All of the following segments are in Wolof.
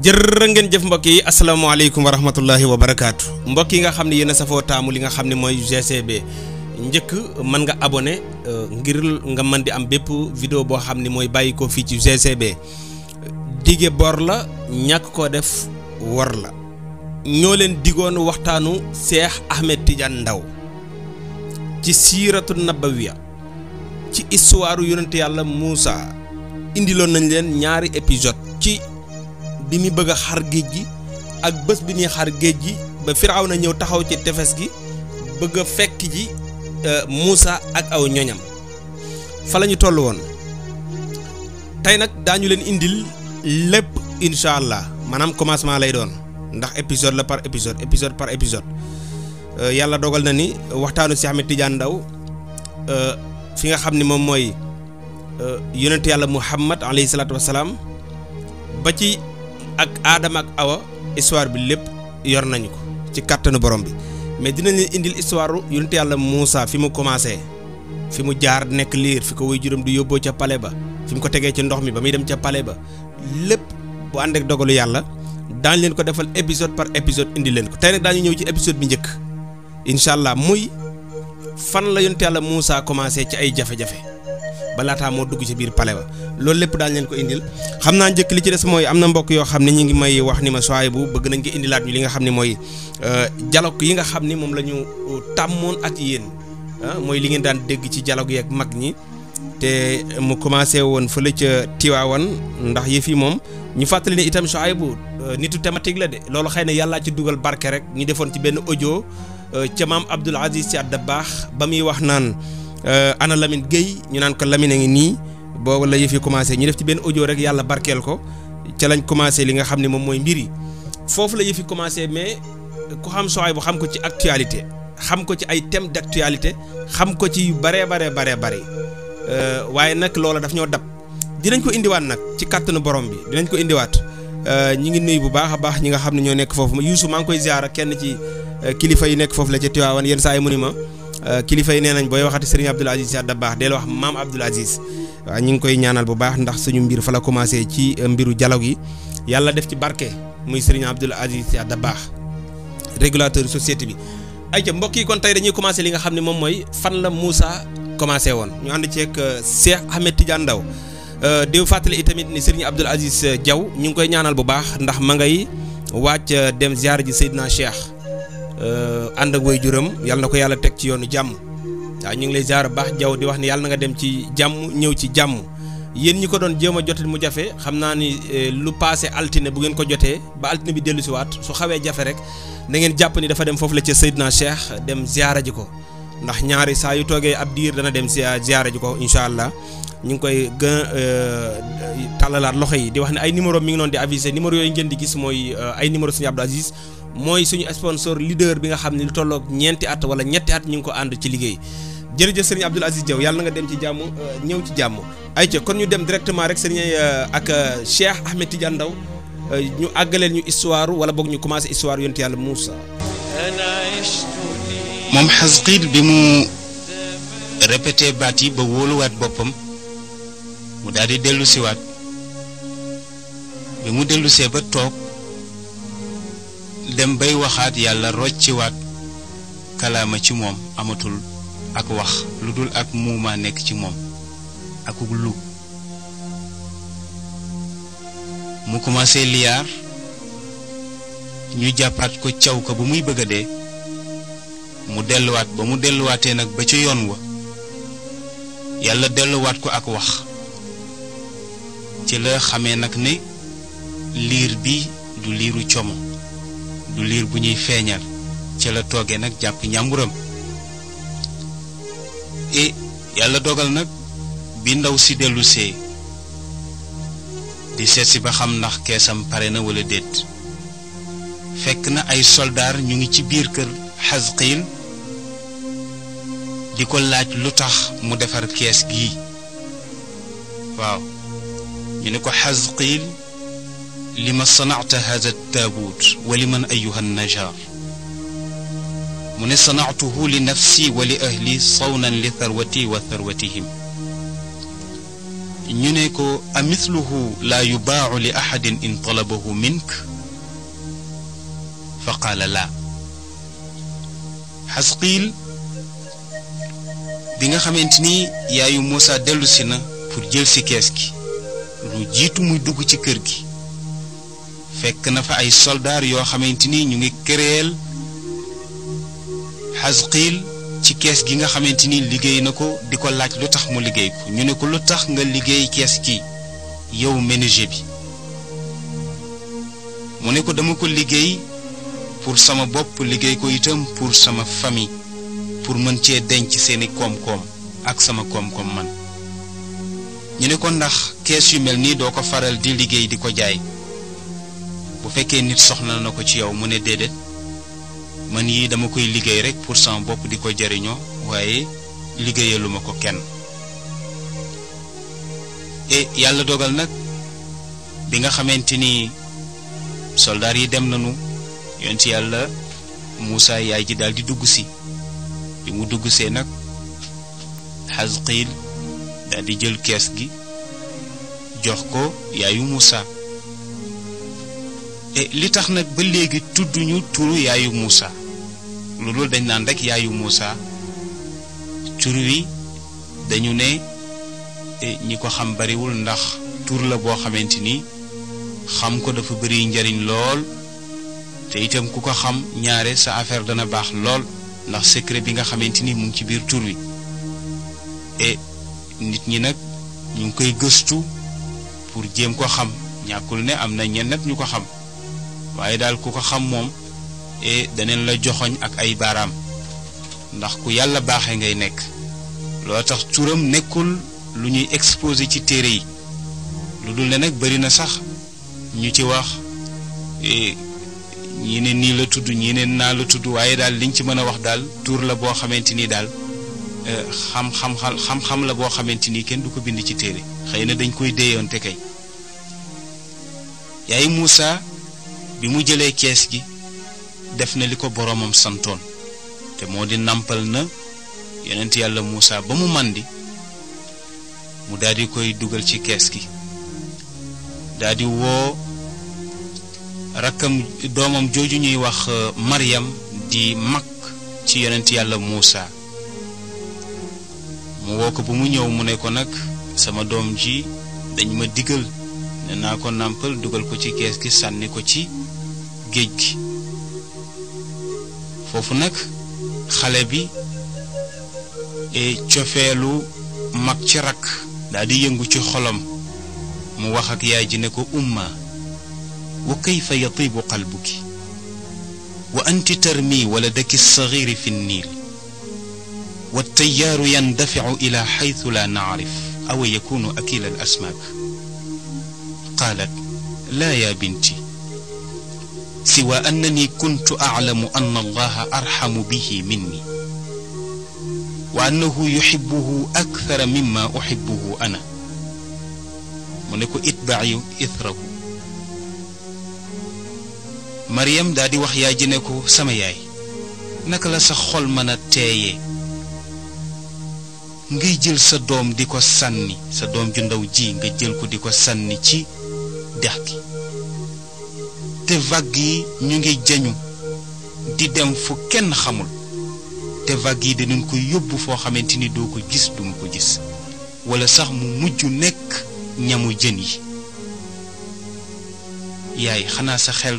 jërë ngeen jëf mbokk yi asalaamaaleykum wa rahmatullahi wa barakaatu mbokk yi nga xam ne yéen a safoo taamu li nga xam ne mooy GCB njëkk mën nga abonné euh, ngir nga mën di am bépp vidéo boo xam ne mooy bàyyi ko fii ci GCB dige bor la ñàkk koo def war la ñoo leen digoon waxtaanu Cheikh Ahmed Tidiane ndaw ci siiratu nabawiya ci histoire yonent yàlla Moussa indiloon nañ leen ñaari épisode ci bi muy bëgg a xar géej gi ak bés bi ñuy xar géej gi ba firaw na ñëw taxaw ci tefes gi bëgg a fekk ji euh, Moussa ak aw ñoñam fa la ñu toll woon tey nag daañu leen indil lépp incha allah maanaam commencement lay doon ndax épisode la par épisode épisode par épisode euh, yàlla dogal na ni waxtaanu si Ahmed Tidiane Ndao euh, fi nga xam ni moom mooy yonent yàlla Muhammad alayhi salaatu salaam ba ci ak aadama ak awa histoire bi lépp yor nañu ko ci kàttanu borom bi mais dinañu indil histoire yonent yàlla Moussa fi mu commencé fi mu jaar nekk liir fi ko way juróom di yóbboo ca pale ba fi mu ko tegee ci ndox mi ba muy dem ca pale ba lépp bu ànd ak dogalu yàlla daañu leen ko defal épisode par épisode indi leen ko tey nag daañu ñëw ci épisode bi njëkk incha allah muy fan la yonent yàlla muusa commencé ci ay jafe-jafe. ba moo dugg ci biir palais ba loolu lépp daal leen ko indil xam naa njëkk li ci des mooy am na mbokk yoo xam ne ñu ngi may wax ni ma soaay bu bëgg nañ ko indilaat ñu li nga xam ne mooy euh, dialogue yi nga xam ne moom la ñu euh, tàmmoon ak yéen ah, mooy li ngeen daan dégg ci dialogue yeeg mag ñi te mu commencé woon fële ca Tiwaawan ndax yëf yi moom ñu fàttali ne itam Soaybu euh, nitu thématique la de loolu xëy na yàllaa ci dugal barke rek ñu defoon ci benn audio ca maam Abdoul Aziz Sy Dabakh ba muy wax naan Euh, ana Lamine Gueye ñu naan ko Lamine a ngi nii boo la yëf yi commencé ñu def ci benn audio rek yàlla barkeel ko ca lañ commencé li nga xam ne moom mooy mbir yi foofu la yëf yi commencé mais ku xam Sohaybu bu xam ko ci actualité xam ko ci ay thème actualité xam ko ci bare bare baree baree bare euh, waaye nag loola daf ñoo dab dinañ ko indiwaat nag ci kàttanu borom bi dinañ ko indiwaat euh, ñi ngi nuyu bu baax a baax ñi nga xam ne ñoo nekk foofu Youssou maa ngi koy ziar kenn ci kilifa yi nekk foofu la ca Tivaouane saa yi ma Euh, kilifa yi nee nañ booy waxati sëriñ Abdoul Aziz Sy Dabakh deel wax maam Abdoul Aziz waaw ñu ngi koy ñaanal bu baax ndax suñu mbir fa la commencé ci euh, mbiru dialogue yi yàlla def ci barke muy sëriñ Abdoul Aziz Sy Dabakh régulateur société bi. ayca mbokk yi kon tey dañuy commencé li nga xam ne moom mooy fan la Moussa commencé woon ñu ànd ceeg euh, Cheikh Ahmed Tidiane Ndaw di fàttali itamit ni sëriñ Abdoul Aziz ñu ngi koy ñaanal bu baax ndax ma ngay wàcc dem ziar ji Seydina Cheikh. Euh, ànd ak woy waajuram yàlla na ko yàlla teg ci yoonu jàmm waaw ñu ngi lay ziar baax jaww di wax ni yàlla na nga dem ci jàmm ñëw ci jàmm yéen ñi ko doon jéem a jotit mu jafe xam naa ni euh, lu passé altine bu ngeen ko jotee ba altine bi dellu si waat su xawee jafe rek na ngeen jàpp ni dafa dem foofu la ca na Cheikh dem ziara ji ko ndax ñaari saa yu toogee ab diir dana dem ziara ji ko incha allah ñu ngi koy gën euh, tàllalaat loxo yi di wax ne ay numéro mi ngi noonu di avisé numéro yooyu ngeen di gis mooy ay numéro Serigne mooy suñu sponsor leader bi nga xam ne lu tolloog ñeenti at wala ñetti at ñu ngi ko ànd ci liggéey jërëjëf sëriñ Abdoul Aziz Diaw yàlla na nga dem ci jàmm euh, ñëw ci jàmm. ayca kon ñu dem directement rek sëriñ euh, ak euh, Cheikh Ahmed Tidiane Ndaw ñu àggaleel ñu histoire wala boog ñu commencé histoire yonent yàlla Moussa. moom Xasqiil bi mu répété baat yi ba wóoluwaat boppam mu daal di dellu siwaat bi mu dellusee ba toog. dem bay waxaat yàlla rocciwaat kalaama ci moom amatul ak wax lu dul ak muumaa nekk ci moom ak lu mu commencé liyaar ñu jàppaat ko caw ko ba muy bëgg a dee mu delluwaat ba mu delluwaatee nag ba ca yoon wa yàlla delluwaat ko ak wax ci la xamee nag ne liir bi du liiru como du liir bu ñuy feeñal ci la toogee nag jàpp ñàmburam e eh, yàlla dogal nag bi ndaw si dellusee di seet ba xam ndax keesam pare na wala dédd fekk na ay soldaar ñu ngi ci biir kër xasqiil di ko laaj lu tax mu defar kees gii waaw ñu ne ko xasqiil lima sanacta hada taabuut wa liman najaar mu ne sanactuhu li nafsi wa li ahli sawnan li tharwati wa tharwatihim ñu ne ko amithluhu laa yubaacu li axadin in talabahu mink fa qaala laa xasqiil bi nga xamante ni yaayu Moussa dellusi na pour jël si kees gi lu jiitu muy dugg ci kër gi fekk na fa ay soldaar yoo xamante ni ñu ngi këréel xasqiil ci kees gi nga xamante ni liggéey na ko di ko laaj lu tax mu liggéey ko ñu ne ko lu tax nga liggéey kees gi yow ménager bi mu ne ko dama ko liggéey pour sama bopp liggéey ko itam pour sama famille pour mën cee denc seeni koom-koom ak sama koom-koom man ñu ne ko ndax kees yu mel nii doo ko faral di liggéey di ko jaay bu fekkee nit soxla na ko ci yow mu ne déedéet man yii dama koy liggéey rek pour sama bopp di ko jariñoo waaye liggéeyaluma ko kenn e yàlla dogal nag bi nga xamante ni soldaar yi dem nañu yoon ci yàlla muusa yaay ji daal di dugg si bi mu dugg see nag Xasqiil daal di jël kees gi jox ko yaayu Moussa Eh, li tax nag ba léegi tudduñu turu yaayu muusa lu dul dañ naan rek yaayu Moussa tur wi dañu ne eh, ñi ko xam bariwul ndax tur la boo xamante ni xam ko dafa bëri njariñ lool te itam ku ko xam ñaare sa affaire dana baax lool ndax secret bi nga xamante ni mu ngi ci biir tur wi eh, nit ñi nag ñu ngi koy gëstu pour jéem ko xam ñàkkul ne am na ñenn ñu ko xam. waaye daal ku ko xam moom e daneen la joxoñ ak ay baaraam ndax ku yàlla baaxe ngay nekk loo tax tuuram nekkul lu ñuy exposé ci téere yi lu dul ne nag bari na sax ñu ci wax e, ñii ne nii la tudd ñii ne naa la tudd waaye daal liñ ci mën a wax daal tuur la boo xamante ni daal xam-xam e, xam-xam la boo xamante ni kenn du ko bind ci téere xëy na dañ koy déyoonte kay yaay Muusa bi mu jëlee kees gi def na li ko boroomam santoon te moo di nàmpal na yonent yàlla Muusa ba mu màndi mu daldi koy dugal ci kees gi daldi woo rakkam doomam jooju ñuy wax uh, Maryam di mag ci yonent yàlla Muusa mu woo ko bu mu ñëw mu ne ko nag sama doom ji dañ ma digal ne naa ko nàmpal dugal ko ci kees gi sànni ko ci géej gi foofu nag xale bi e cofeelu mag ci rakk daal di yëngu ci xolam mu wax ak yaay ji ne ko umma wa kayfa yatibu qalbuki wa anti tarmi waladaki sagiri fi nniil wa tayyaaru yandaficu ila xaytu la nacrif awa yakunu akila al asmaak qaalat laa yaa binti siwa annani kuntu aclamu an allaha arxamu bihi minni wa annahu yuxibuhu akthara mimma uxibuhu ana mu ne ko itbaci ithrahu Mariam daa di wax yaay ji ne ko sama yaay naka la sa xol mën a teeyee ngay jël sa doom di ko sànni sa doom ju ndaw ji nga jël ko di ko sànni ci dex gi te vague yi ñu ngi jañu di dem fu kenn xamul te vagg yi dinañ ko yóbbu foo xamante ni doo ko gis duma ko gis wala sax mu mujj nekk ñamu jën yi yaay xanaa sa xel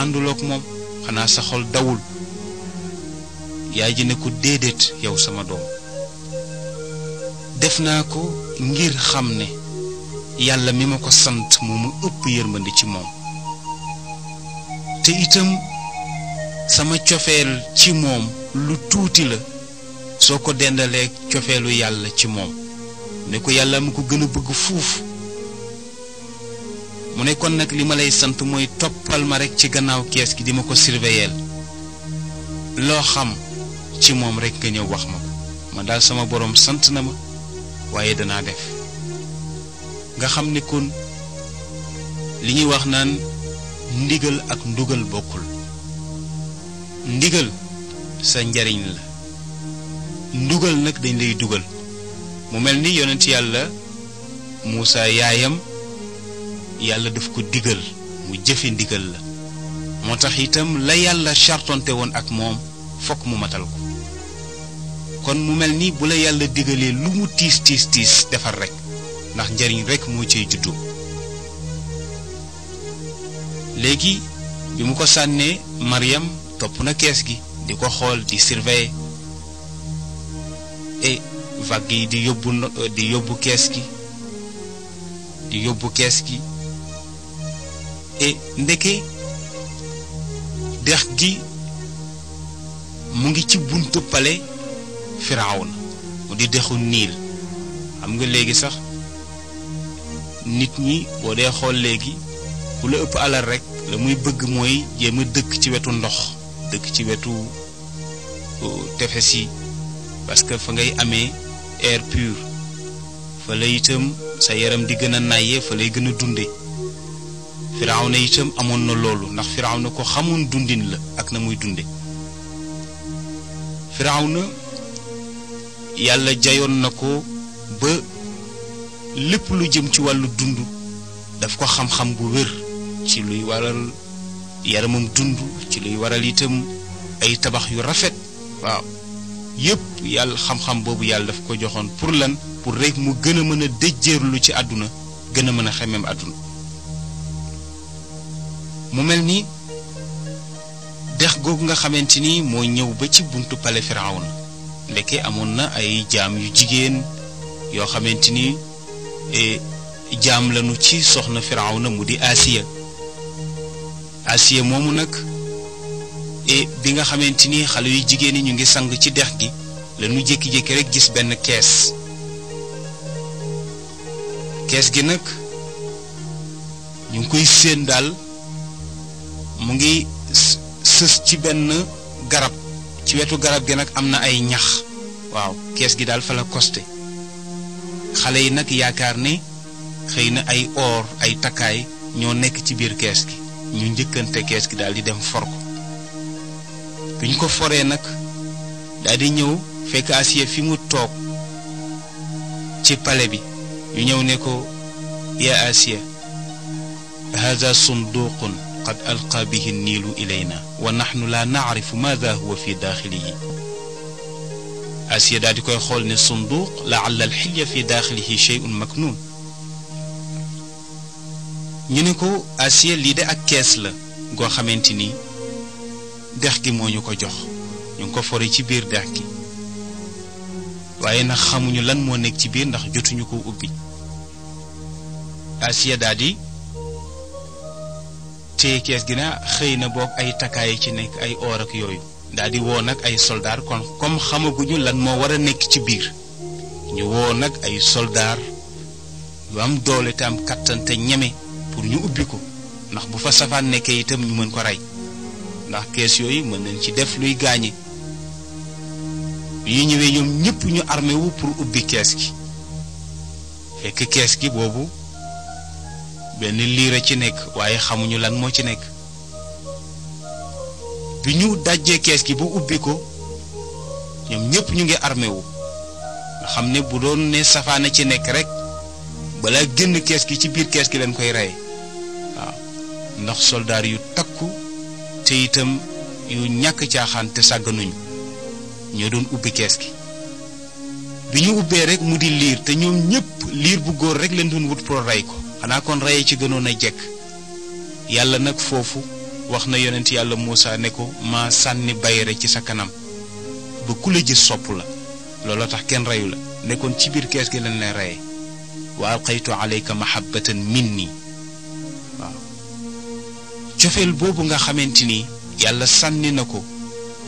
àndulook moom xanaa sa xol dawul yaay ji ne ko déedéet yow sama doom def naa ko ngir xam ne yàlla mi ma ko sant moo ma ëpp yërmande ci moom te itam sama cofeel ci moom lu tuuti la soo ko dendaleek cofeelu yàlla ci moom ne ko yàlla mu ko gën a bëgg fuuf mu ne kon nag li ma lay sant mooy toppal ma rekk ci gannaaw kees gi di ma ko surveiller loo xam ci moom rekk nga ñëw wax ma ma daal sama boroom sant na ma waaye danaa def nga xam ne kon li ñuy wax naan ndigal ak ndugal bokkul ndigal sa njariñ la ndugal nag dañ lay dugal mu mel ni yonent yàlla Muusa yaayam yàlla daf ko digal mu jëfe ndigal la moo tax itam la yàlla chartonte woon ak moom fokk mu matal ko kon mu mel ni bu la yàlla digalee lu mu tiis tiis tiis defar rek ndax njariñ rek moo ciy juddu léegi bi mu ko sànnee Mariam topp na kees gi di ko xool di surveiller et vague yi di yóbbu di yóbbu kees gi di yóbbu kees gi et ndeke dex gi mu ngi ci buntu pale Firawna mu di dexu niil xam nga léegi sax nit ñi boo dee xool léegi ku la ëpp alal rek la muy bëgg mooy jéem a dëkk ci wetu ndox dëkk ci wetu tefes yi parce que fa ngay amee air pur fa la itam sa yaram di gën a naye fa lay gën a dunde firaaw na amoon na loolu ndax firaaw na ko xamoon dundin la ak na muy dunde firaaw na yàlla jayoon na ko ba lépp lu jëm ci wàllu dund daf ko xam-xam bu wér ci luy waral yaramam dund ci luy waral itam ay tabax yu rafet waaw yépp yàlla xam-xam boobu yàlla daf ko joxoon pour lan pour rek mu gën a mën a dëjjërlu ci àdduna gën a mën a xemem àdduna mu mel ni dex googu nga xamante ni moo ñëw ba ci buntu pale Firawna ndekke amoon na ay jaam yu jigéen yoo xamante ni eh, jaam lanu ci soxna Firawna mu di Asiya asiye moomu nag e bi nga xamante ni xale yu jigéen ñi ñu ngi sang ci dex gi la ñu jékki-jékki rek gis benn kees kees gi nag ñu ngi koy séen daal mu ngi sës ci benn garab ci wetu garab gi nag am na ay ñax waaw kees gi daal fa la costé xale yi nag yaakaar ne xëy na ay or ay takkaay ñoo nekk ci biir kees gi ñu njëkkante kees gi daal di dem for ko biñ ko foree nag daal ñëw fekk Asiya fi mu toog ci pale bi ñu ñëw ne ko yaa Asiya hada sunduqun qad alqa bihi niilu ilayna wa naxnu la naarifu maada huwa fi daaxilihi Asiya daal di koy xool ne sunduq laala alxilya fi daaxilihi sheyun maknun ñu ne ko acier lii de ak kees la goo xamante ni dex gi moo ñu ko jox ñu ngi ko fore ci biir dex gi waaye nag xamuñu lan moo nekk ci biir ndax jotuñu ko ubbi acier daal di kees gi na xëy na boog ay takkaay ci nekk ay or ak yooyu daal woo nag ay soldaar kon comme xamaguñu lan moo war a nekk ci biir ñu woo nag ay soldaar lu am doole te am kattan ñeme pour ñu ubbi ko ndax bu fa safaan nekkee itam ñu mën ko rey ndax kees yooyu mën nañ ci def luy gaañe yu ñëwee ñoom ñëpp ñu armé wu pour ubbi kees gi fekk kees gi boobu benn liir a ci nekk waaye xamuñu lan moo ci nekk bi ñu dajjee kees gi bu ubbi ko ñoom ñëpp ñu ngi armé wu nga xam ne bu doon ne safaana ci nekk rek balaa génn kees gi ci biir kees gi leen koy rey ndax soldaar yu takku te itam yu ñàkk caaxaan te sàgganuñu ñoo doon ubbi kees gi bi ñu ubbee rek mu di liir te ñoom ñépp liir bu góor rek leen doon wut pour rey ko xanaa kon reye ci gënoon a jekk yàlla nag foofu wax na yonent yàlla Moussa ne ko ma sànni bayre ci sa kanam ba ku la gis sopp la looloo tax kenn reyu la nekkoon ci biir kees gi leen lay reye wa alqaytu alayka mahabbatan minni cofeel boobu nga xamante ni yàlla sànni na ko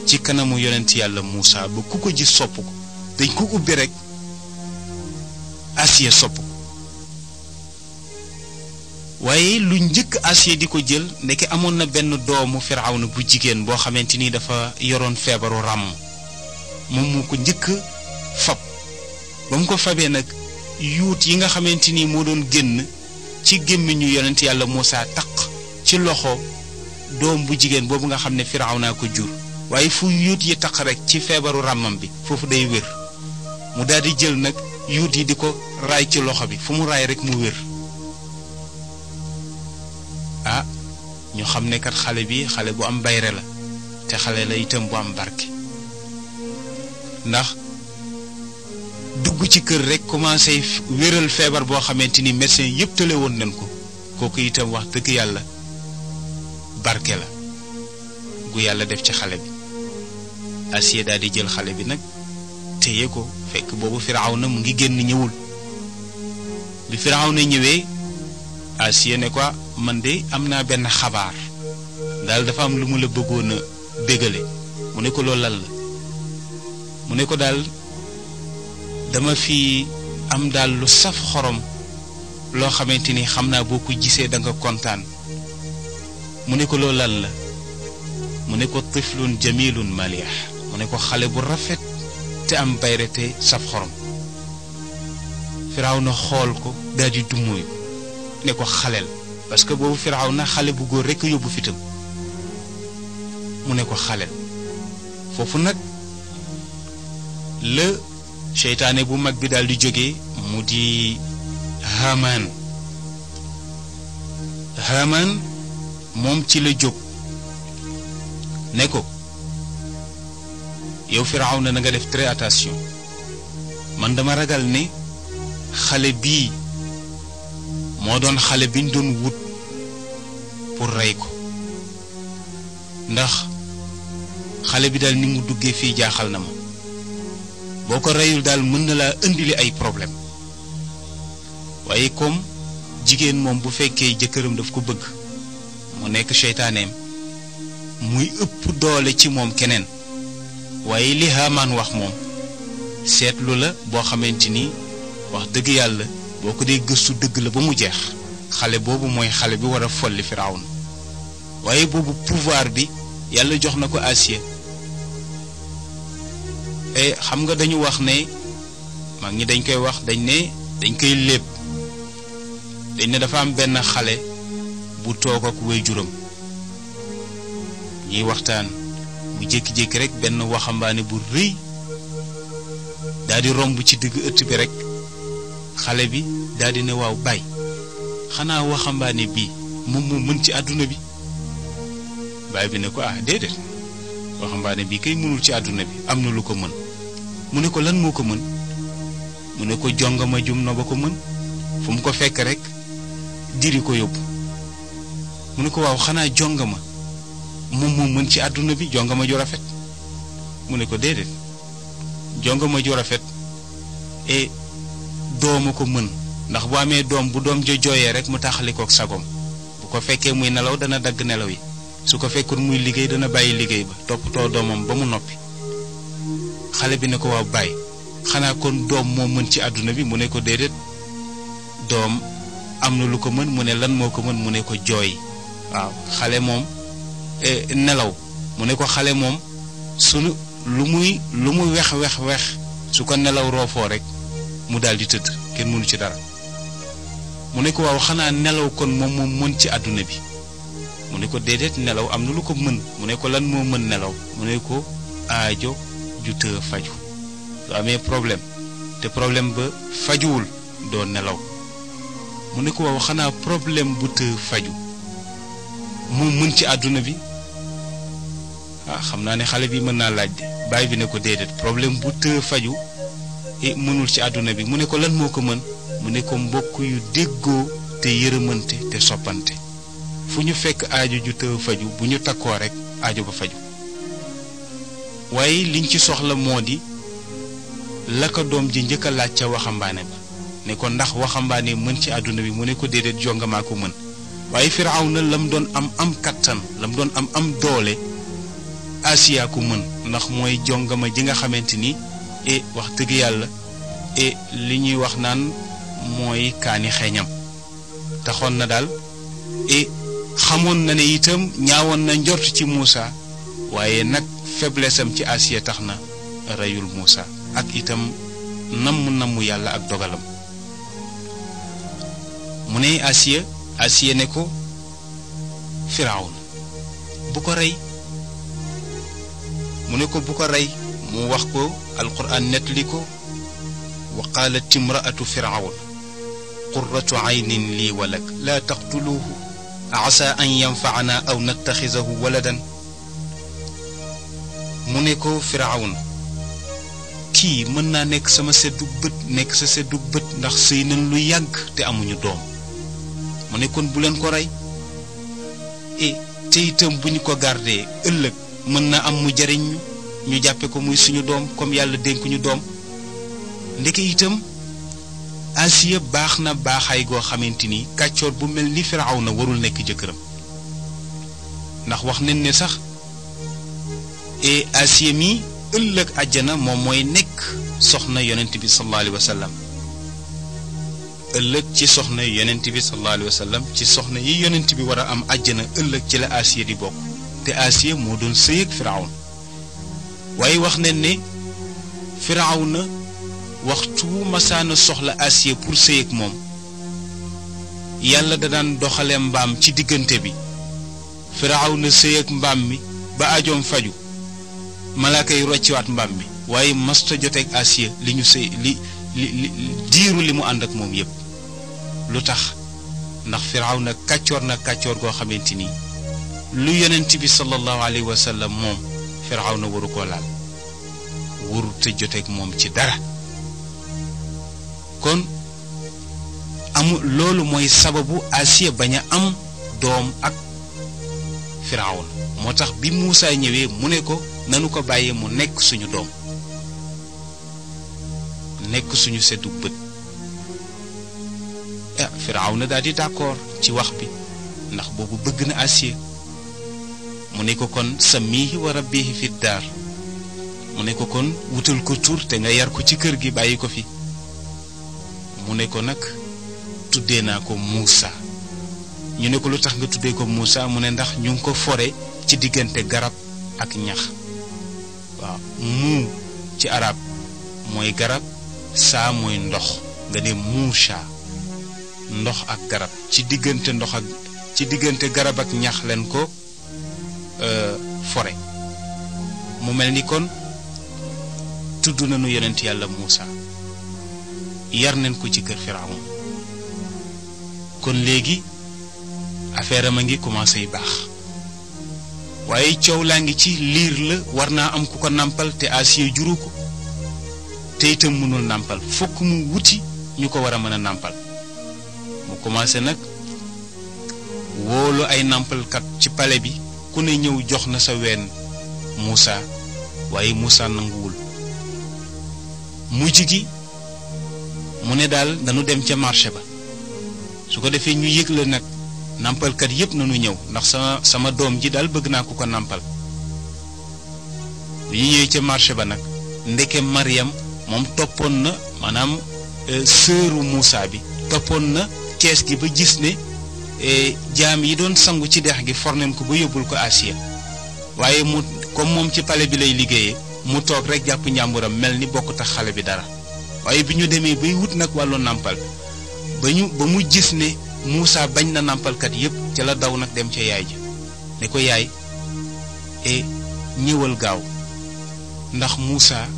ci kanamu yonent yàlla Moussa ba ku ko ji sopp ko dañ ko ubbi rek Asiya sopp ko waaye lu njëkk Asiya di ko jël ndeke amoon na benn doomu Firawna bu jigéen boo xamante ni dafa yoroon feebaru ràmm moom moo ko njëkk fab ba mu ko fabee nag yuut yi nga xamante ni moo doon génn ci gémmiñu yonent yàlla Moussa taq ci loxo doom bu jigéen boobu nga xam ne firaaw naa ko jur waaye fu yuut yi taq rek ci feebaru ràmmam bi foofu day wér mu daal di jël nag yuut yi di ko raay ci loxo bi fu mu raay rek mu wér ah ñu xam ne kat xale bi xale bu am bayre la te xale la itam bu am barke ndax dugg ci kër rek commencé wéral feebar boo xamante ni médecin yëpp tële woon nañ ko kooku itam wax dëgg yàlla barke la gu yàlla def ci xale bi Asiya daal di jël xale bi nag téye ko fekk boobu na mu ngi génn ñëwul bi na ñëwee Asiya ne ko man de am naa benn xabaar daal dafa am lu mu la bëggoon a bégale mu ne ko loolu lan la mu ne ko daal dama fi am daal lu saf xorom loo xamante ni xam naa boo ko gisee da nga kontaan mu ne ko loolu lan la mu ne ko tiflun jamilun malih mu ne ko xale bu rafet te am bayrete saf xorom firaaw na xool ko daal di ne ko xaleel parce que boobu firaaw na xale bu góor rekk yóbbu fitam mu ne ko xaleel foofu nag lë seytaane bu mag bi daal di jógee mu di Haamaan Haamaan moom ci la jóg ne ko yow Firawna na nga def très attention man dama ragal ne xale bii moo doon xale biñ doon wut pour rey ko ndax xale bi daal ni mu duggee fii jaaxal na ma boo ko reyul daal mën na laa indili ay problème waaye comme jigéen moom bu fekkee jëkkëram daf ko bëgg mu nekk seytaaneem muy ëpp doole ci moom keneen waaye li Haamaan wax moom seetlu la boo xamante ni wax dëgg yàlla boo ko dee gëstu dëgg la ba mu jeex xale boobu mooy xale bi war a folli Firawna waaye boobu pouvoir bi yàlla jox na ko Asiya e xam nga dañu wax ne mag ñi dañ koy wax dañ ne dañ koy lépp dañ ne dafa am benn xale bu toog ak juróom ñuy waxtaan mu jékki-jékki rek benn waxambaane bu rëy daldi romb ci digg ëtt bi rek xale bi daal di ne waaw bàyyi xanaa waxambaane bi moom moo mën ci àdduna bi baay bi ne ko ah déedéet waxambaane bi kay mënul ci àdduna bi am na lu ko mën mu ne ko lan moo ko mën mu ne ko jongama jum na ba ko mën fu mu ko fekk rek diri ko yóbbu mu ne ko waaw xanaa jongama moom moo mën ci àdduna bi jongama ju rafet mu ne ko déedéet jongama ju rafet doom e doomu ko mën ndax boo amee doom bu doom jo jooyee rek mu taxalikook sagom bu ko fekkee muy nelaw dana dagg nelaw yi su ko fekkul muy liggéey dana bàyyi liggéey ba toppatoo doomam ba mu noppi xale bi ne ko waaw bàyyi xanaa kon doom moo mën ci àdduna bi mu ne ko déedéet doom am na lu ko mën mu ne lan moo ko mën mu ne ko jooy waaw xale moom e, nelaw mu ne ko xale moom sunu lu muy lu mu wex wex wex su ko nelaw roofoo rek mu daal di tëdd kenn mënu ci dara mu ne ko waaw xanaa nelaw kon moom moom mën ci àdduna bi mu ne ko déedéet nelaw am na lu ko mën mu ne ko lan moo mën nelaw mu ne ko aajo ju të faju su amee problème te problème ba fajuwul doon nelaw mu ne ko waaw xanaa problème bu të faju mu mën ci àdduna bi waaw ah, xam naa ne xale bi mën naa laaj de bàyyi bi ne ko déedéet problème bu të faju e, mënul ci àdduna bi mu ne ko lan moo ko mën mu ne ko mbokk yu déggoo te yërëmante te soppante fu ñu fekk aajo ju të faju bu ñu takkoo rek aajo ba faju waaye liñ ci soxla moo di la ko doom ji njëkk laaj ca waxambaane ba ne ko ndax waxambaane mën ci àdduna bi mu ne ko déedéet jongamaa ko mën waaye firawna lam doon am am kattan lam doon am am doole asiya ku mën ndax mooy jongama ji nga xamante ni e wax dëgg yàlla e li ñuy wax naan mooy kaani xeeñam taxoon na daal e xamoon na ne itam ñaawoon na njort ci Muusa waaye nag faiblesse ci asiya tax na reyul Muusa ak itam namm namm yàlla ak dogalam mu ne asiya asiyene ko firawun bu ko rey mu ne ko bu ko rey mu wax ko alquran nettali ko wa qaalat imraatu firawun qurratu aynin lii walak laa taqtuluuhu asa an yanfaana aw nattaxisahu waladan mu ne ko firawun kii mën naa nekk sama seddu bët nekk sa seddu bët ndax sëy nañ lu yàgg te amuñu doom mu ne kon bu leen ko rey e te itam bu ñu ko gardee ëllëg mën na am mu jariñ ñu ñu jàppe ko muy suñu doom comme yàlla dénkuñu doom ndeke itam asiya baax na baaxaay goo xamante ni kàccoor bu mel ni na warul nekk jëkkëram ndax wax nañ ne sax e asiya mi ëllëg àjjana moom mooy nekk soxna yonent bi sallallahu alayhi wa ëllëg ci soxna yonent bi sallallahu alayhi wa sallam soxna yi yonent bi war a am àjjana ëllëg ci la Asiya di bokk te Asiya moo doon sëy ak Firawun waaye wax nañ ne Firawna waxtu masaana soxla Asiya pour sëy ak moom yàlla da daan doxale mbaam ci diggante bi Firawna sëy ak mbaam mi ba ajoom faju malaaka yi rocciwaat mbaam mi waaye masta jote Asiya li ñu sëy li li diiru li mu ànd ak moom yëpp lu tax ndax firaw na kàccoor na kàccoor goo xamante ni lu yonent bi sallallahu alayhi wa sallam moom firaw na waru ko laal waru te joteeg moom ci dara kon am loolu mooy sababu Asiya bañ a am doom ak firawn moo tax bi Muusaa ñëwee mu ne ko nanu ko bàyyee mu nekk suñu doom nekk suñu seddu bët ah eh, na daal di d'accord ci wax bi ndax boobu bëgg na Asiya mu ne ko kon sa samihi wa rabbihi fi daar mu ne ko kon wutal ko tur te nga yar ko ci kër gi bàyyi ko fi mu ne ko nag tuddee naa ko Muusa ñu ne ko lu tax nga tuddee ko Muusa mu ne ndax ñu ngi ko fore ci diggante garab ak ñax waaw muu ci arab mooy garab saa mooy ndox nga ne Muusa ndox ak garab ci diggante ndox ak ci diggante garab ak ñax leen ko euh, fore mu mel ni kon tudd nañu yonent yàlla Muusa yar nañ ko ci kër Firawun kon léegi affaire am a ngi commencé yu baax waaye coow laa ngi ci liir la war naa am ku ko nàmpal te Asiya juru ko te itam mënul nàmpal fokk mu wuti ñu ko war a mën a nàmpal commencé nag woolu ay nàmpalkat ci pale bi ku ne ñëw jox na sa ween muusa waaye Moussa nanguwul mujj gi mu ne daal nanu dem ca marché ba su ko defee ñu yëg la nag nàmpalkat yépp nanu ñëw ndax sama sama doom ji daal bëgg naa ku ko nàmpal bu ñu ñëwee ca marché ba nag ndeke Mariam moom toppoon na maanaam euh, sëru muusa bi toppoon na cees gi ba gis ne eh, jaam yi doon sangu ci dex gi fornen ko ba yóbbul ko Asiya waaye mu comme moom ci pale bi lay liggéeyee mu toog rek jàpp njàmburam mel ni bokk ak xale bi dara waaye bi ñu demee bay wut nag wàllu nàmpal ba ñu ba mu gis ne muusa bañ na nàmpalkat yépp ca la daw nag dem ca yaay ja ne ko yaay e ñëwal gaaw ndax Moussa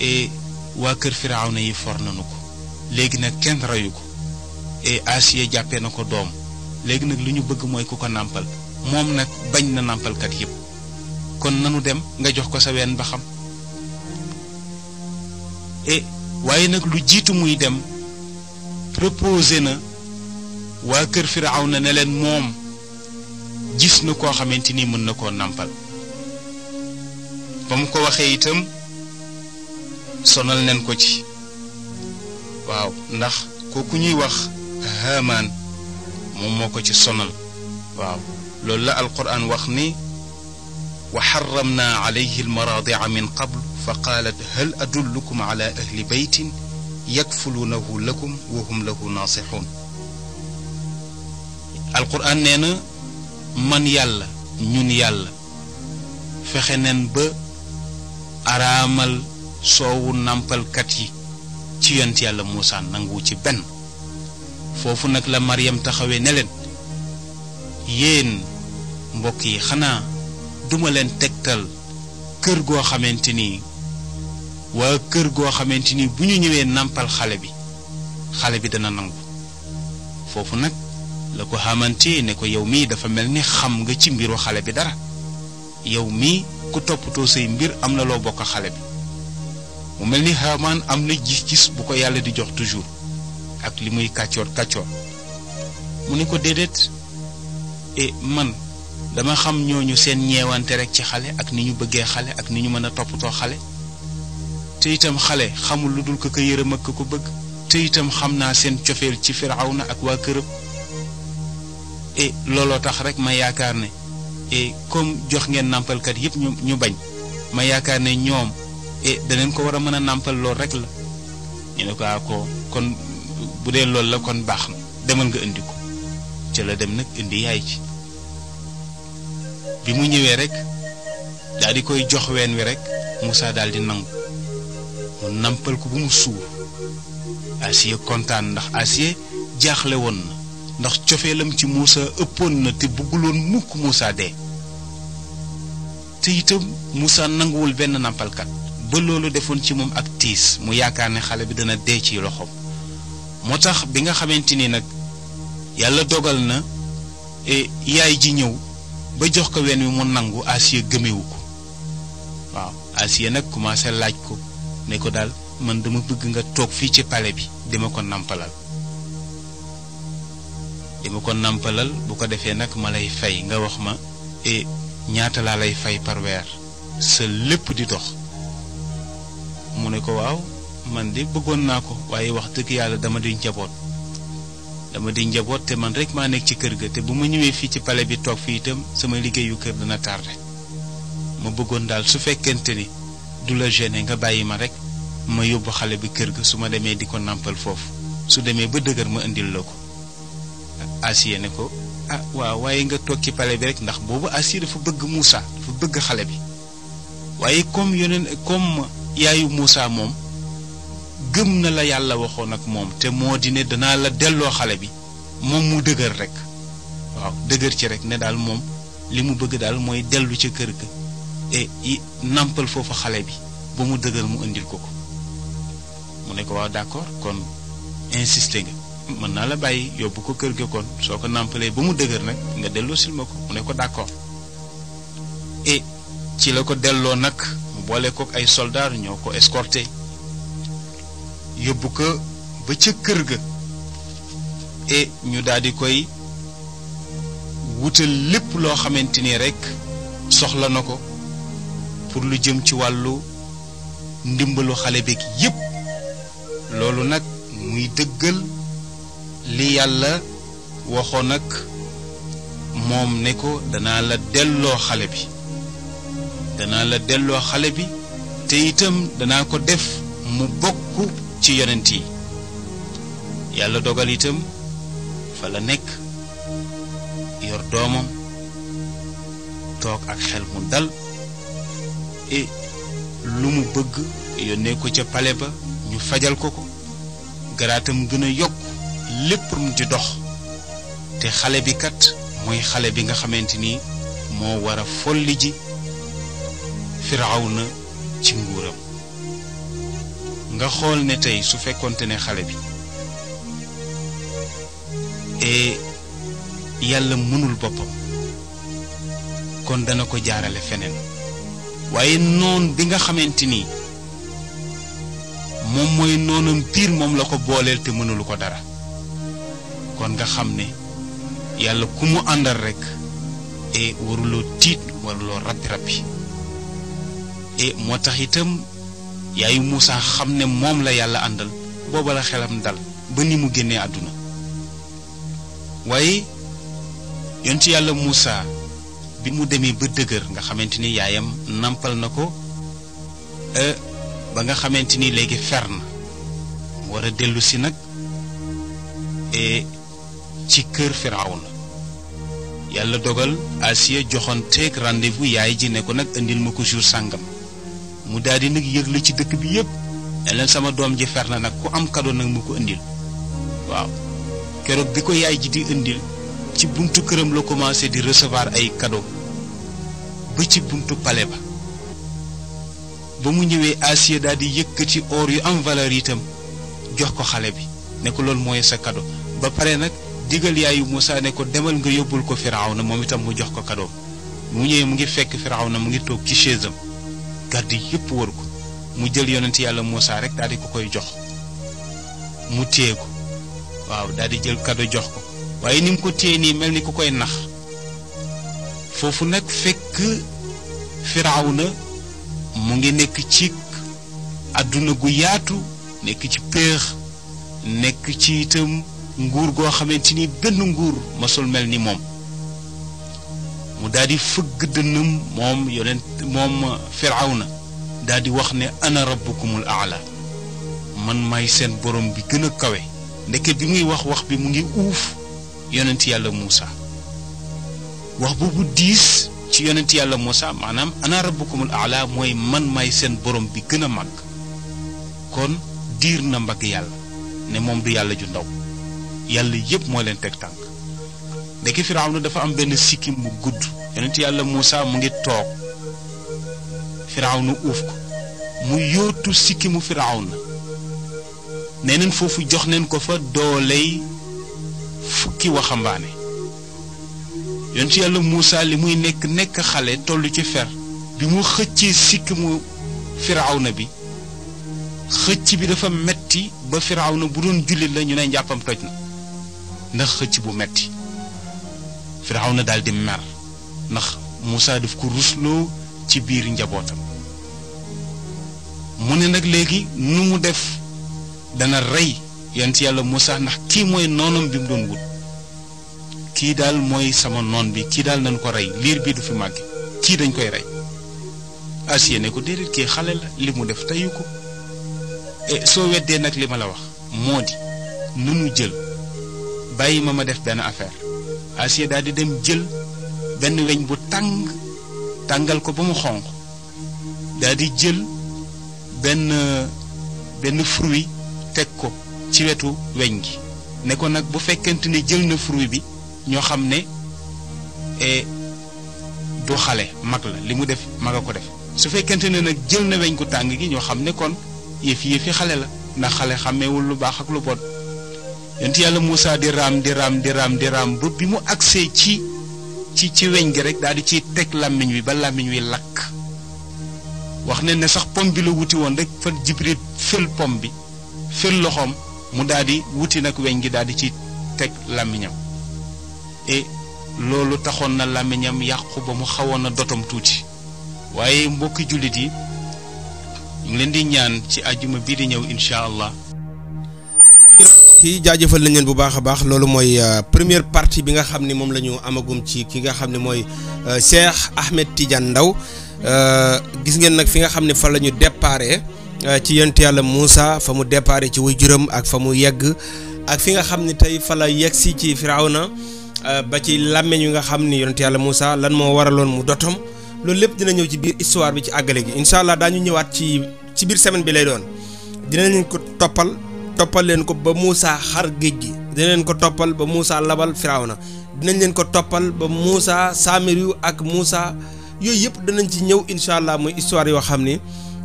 eh, waa kër Firawna yi for nanu ko léegi nag kenn rayu ko et Asiya jàppee na ko doom léegi nag lu ñu bëgg mooy ku ko nàmpal moom nag bañ na nàmpalkat yépp kon nanu dem nga jox ko sa ween ba xam et waaye nag lu jiitu muy dem proposé na waa kër Firaw na ne leen moom gis na koo xamante ni mën na koo nàmpal ba mu ko waxee itam sonal nañ ko ci waaw ndax kooku ñuy wax haamaan moo ko ci sonal waaw loolu la alquran wax ni wa xaramna alayhi almaradia min qabl fa qaalat hal adullukum ala ahli beytin yakfuluunahu lakum wa hum lahu naasixuun alquran nee man yàlla ñun yàlla fexe neen ba araamal soowu nàmpalkat yi ci yont yàlla Muusaa nanguwu ci benn foofu nag la Maryam taxawee ne leen yéen mbokk yi xanaa duma leen tegtal kër goo xamante ni waa kër goo xamante ni bu ñu ñëwee nàmpal xale bi xale bi dana nangu foofu nag la ko xamante ne ko yow mii dafa mel ni xam nga ci mbiru xale bi dara yow mii ku toppatoo say mbir am na loo bokk xale bi mu mel ni xamaan am na gis-gis bu ko yàlla di jox toujours ak li muy kàccoor kàccoor mu ni ko déedéet eh, man dama xam ñoo ñu seen ñewante rek ci xale ak ni ñu bëggee xale ak ni ñu mën a toppatoo xale te itam xale xamul lu dul ko ko yërëm ak ko bëgg te itam xam naa seen cofeel ci na ak waa këram eh, looloo tax rek ma yaakaar ne e comme jox ngeen nàmpalkat yëpp ñu ñu bañ ma yaakaar ne ñoom e ko war a mën a nàmpal lool rek la ñu ne ko ah, ko kon bu dee loolu la kon baax na demal nga indi ko ci la dem nag indi yaay ci bi mu ñëwee rek daldi koy jox ween wi rek Moussa daal di nangu mu nampal ko bu mu suur Asiye kontaan ndax Asiye jaaxle woon na ndax cofeelam ci Moussa ëppoon na te bëgguloon mukk Moussa dee te itam Moussa nanguwul benn nampalkat ba loolu defoon ci moom ak tiis mu yaakaar ne xale bi dana dee ci loxoom. moo tax bi nga xamante ni nag yàlla dogal na eh, yaay ji ñëw ba jox ko wenn wi mu nangu Asiya gémmewu ko waaw Asiya nag commencé laaj ko ne ko daal man dama bëgg nga toog fii ci palais bi dama ko nàmpalal dama ko nàmpalal bu ko defee nag ma lay fay nga wax ma eh, ñaata laa lay fay par weer sa lépp di dox mu ne ko waaw man de bëggoon naa ko waaye wax dëgg yàlla dama di njaboot dama di njaboot te man rek maa nekk ci kër ga te bu ma ñëwee fii ci pale bi toog fii itam sama liggéeyu kër dana tardé ma bëggoon daal su fekkente ni du la gêné nga bàyyi ma rek ma yóbbu xale bi kër ga su ma demee di ko nàmpal foofu su demee ba dëgër ma indil la ko Asiye ne ko ah waaw waaye nga toog ci pale bi rek ndax boobu Asiye dafa bëgg muusa dafa bëgg xale bi waaye comme yeneen comme yaayu Moussa moom gëm na la yàlla waxoon ak moom te moo di ne danaa la delloo xale bi moom mu dëgër rek waaw dëgër ci rek ne daal moom li mu bëgg daal mooy dellu ca kër ga e nàmpal foofu xale bi ba mu dëgër mu indil ko ko mu ne ko waaw d'accord kon insister nga mën naa la bàyyi yóbbu ko kër ga kon soo ko nàmpalee ba mu dëgër nag nga delloo sil ma ko mu ne ko d'accord et ci la ko delloo nag mu boole ko ay soldats ñoo ko escorté yóbbu ko ba ca kër ga e ñu daldi koy wutal lépp loo xamante ni rekk soxla na ko pour lu jëm ci wàllu ndimbalu xale bi yépp loolu nag muy dëggal li yàlla waxoon nag moom ne ko danaa la delloo xale bi danaa la delloo xale bi te itam danaa ko def mu bokk ci yonent yi yàlla dogal itam fa nekk yor doomam toog ak xel mu dal et lu mu bëgg yónnee ko ca pale ba ñu fajal ko ko garaatam gën a yokk lépp mu di dox te xale bi kat mooy xale bi nga xamante ni moo war a folli ji nga xool ne tey su fekkonte ne xale bi et yàlla mënul boppam kon dana ko jaarale feneen waaye noon bi nga xamante ni moom mooy noonam piir moom la ko booleel te mënulu ko dara kon nga xam ne yàlla ku mu àndal rekk et waruloo tiit waruloo rabbi rabbi e moo tax itam yaayu Moussa xam ne moom la yàlla àndal booba la xelam dal ba ni mu génnee àdduna waaye yontu yàlla Moussa bi mu demee ba dëgër nga xamante ni yaayam nàmpal na ko e, ba nga xamante ni léegi fer na mu war a dellu si nag e, ci kër Firawna yàlla dogal Asiya joxoon teeg rendez yaay ji ne ko nag indil ma ko jour sàngam mu daal di nag yëgle ci dëkk bi yëpp ne leen sama doom ji fer na nag ku am kado nag mu ko indil waaw keroog bi ko yaay ji di indil ci buntu këram la commencé di recevoir ay kado ba ci buntu pale ba ba mu ñëwee Asiya daal di yëkkati oor yu am valeur itam jox ko xale bi ne ko loolu mooy sa kado ba pare nag digal yaayu Moussa ne ko demal nga yóbbul ko na moom itam mu jox ko kado mu ñëwee mu ngi fekk na mu ngi toog ci chaise am gàdd yëpp wër ko mu jël yonent yàlla Moussa rek daal ko koy jox mu téye ko waaw daldi jël kado jox ko waaye ni mu ko téye nii mel ni ku koy nax foofu nag fekk na mu ngi nekk ci àdduna gu yaatu nekk ci péex nekk ci itam nguur goo xamante ni benn nguur masul mel ni moom mu daal di fëgg dënnam moom yonent moom firawna daal di wax ne ana rabbukumul aala man may seen borom bi gën a kawe ndeke bi muy wax wax bi mu ngi uuf yonent yàlla Muusa wax boobu diis ci yonent yàlla Muusa maanaam ana rabbukumul aala mooy man may seen borom bi gën a mag kon diir na mbagg yàlla ne moom du yàlla ju ndaw yàlla yépp moo leen teg tànk ndeke firawna dafa am benn sikkim bu gudd yonent yàlla Moussa mu ngi toog firawna uuf ko mu yóotu sikkimu firawna nee neen foofu jox neen ko fa dooley fukki waxambaane yonent yàlla Moussa li muy nekk nekk xale toll ci fer bi mu xëccee sikkimu firawna bi xëcc bi dafa metti ba firawna bu doon julli la ñu ne njàppam toj na ndax xëcc bu metti Firawna daal di mer ndax Moussa daf ko rusloo ci biir njabootam mu ne nag léegi nu mu def dana rey ci yàlla Moussa ndax kii mooy noonam bi mu doon wut kii daal mooy sama noon bi kii daal nañ ko rey liir bi du fi màgg kii dañ koy rey Asiya ne ko déedéet kii xale la li mu def teyu ko eh, soo weddee nag li ma la wax moo di nu mu jël bàyyi ma ma def benn affaire Asiya daal di dem jël benn weñ bu tàng tàngal ko ba mu xonq daal di jël benn benn fruit teg ko ci wetu weñ gi ne ko nag bu fekkente ne jël na fruit bi ñoo xam ne e, du xale mag la li mu def mag a ko def su fekkente ne nag jël na weñ gu tàng gi ñoo xam ne kon yëf yëfi xale la ndax xale xàmmeewul lu baax ak lu bon yonent yàlla Moussa di raam di raam di raam di raam bi mu agsee ci ci ci weñ gi rek daal di ciy teg làmmiñ wi ba làmmiñ wi lakk wax ne ne sax pom bi la wuti woon rek fa Jibril fël pom bi fël loxoom mu daal di wuti nag weñ gi daal di ciy teg làmmiñam et loolu taxoon na làmmiñam yàqu ba mu xawoon na dotom tuuti waaye mbokki jullit yi ñu ngi leen di ñaan ci àjjuma bii di ñëw incha allah. kii jaajëfal nañ leen bu baax baax loolu mooy euh, première partie bi nga xam ni moom la ñu amagum ci ki nga xam ne mooy euh, Cheikh Ahmed Tidiane Ndao euh, gis ngeen nag fi nga xam ne fa la ñu déparé ci yonent yàlla Moussa fa mu déparé ci waajuram ak fa mu yegg ak fi nga xam ne tey fa la yegg si ci Firawna ba ci làmmeñ wi nga xam ni yonent yàlla Moussa lan moo waraloon mu dotom loolu lépp dina ñëw ci biir histoire bi ci àggale gi incha allah daañu ñëwaat ci ci biir semaine bi lay doon dinañ ko toppal. toppal leen ko ba Moussa xar géej gi dina leen ko toppal ba Moussa labal na dinañ leen ko toppal ba Moussa Samiriyu ak Moussa yooyu yëpp danañ ci ñëw incha allah muy histoire yoo xam ni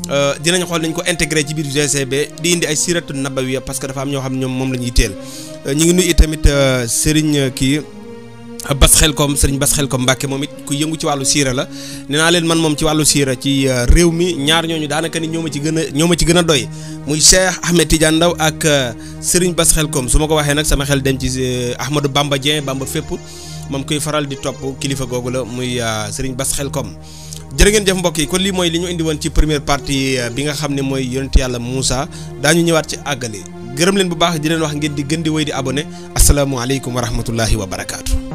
euh, dinañ xool nañ ko intégré ci biir GCB di indi ay siratu nabawiya parce que dafa am ñoo xam ñoom moom la ñuy teel euh, ñu ngi nuyu tamit euh, Serigne kii. Bas koom sëriñ Bas xel Xelkom Mbàkke moom it ku yëngu ci wàllu siira la nee naa leen man moom ci wàllu siira ci euh, réew mi ñaar ñooñu daanaka ni ñoo ma ci gën a ñoo ma ci gën a doy muy Cheikh Ahmed Tidiane Ndaw ak euh, sëriñ Bas Xelkom su ma ko waxee nag sama xel dem ci euh, Bamba Dieng Bamba fépp moom kuy faral di topp kilifa googu la muy sëriñ Bas Xelkom jërë ngeen jëf mbokk yi kon lii mooy li ñu indi ci première partie bi ne mooy yonent yàlla Moussa daañu ñëwaat ci àggale gërëm leen bu baax di leen wax ngeen di gën di woy di abonné asalaamaaleykum wa rahmatullahi wa barakaatu